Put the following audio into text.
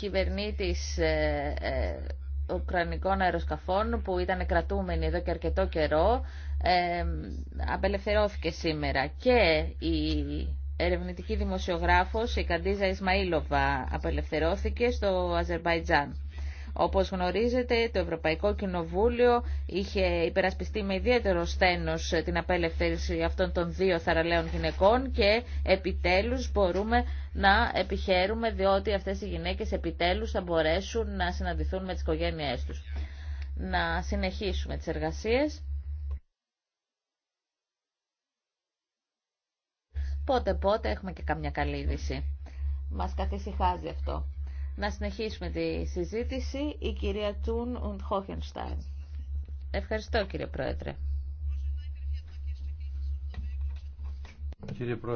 κυβερνήτης ε, ε, Ουκρανικών αεροσκαφών που ήταν κρατούμενοι εδώ και αρκετό καιρό ε, απελευθερώθηκε σήμερα και η ερευνητική δημοσιογράφος η Καντίζα Ισμαήλοβα απελευθερώθηκε στο Αζερβαϊτζάν. Όπως γνωρίζετε, το Ευρωπαϊκό Κοινοβούλιο είχε υπερασπιστεί με ιδιαίτερο στένος την απελευθέρωση αυτών των δύο θαραλέων γυναικών και επιτέλους μπορούμε να επιχαίρουμε διότι αυτές οι γυναίκες επιτέλους θα μπορέσουν να συναντηθούν με τις οικογένειές τους. Να συνεχίσουμε τις εργασίες. Πότε πότε έχουμε και καμιά καλή είδηση. Μας καθησυχάζει αυτό να συνεχίσουμε τη συζήτηση. Η κυρία Τούν und Ευχαριστώ κύριε Κύριε Πρόεδρε.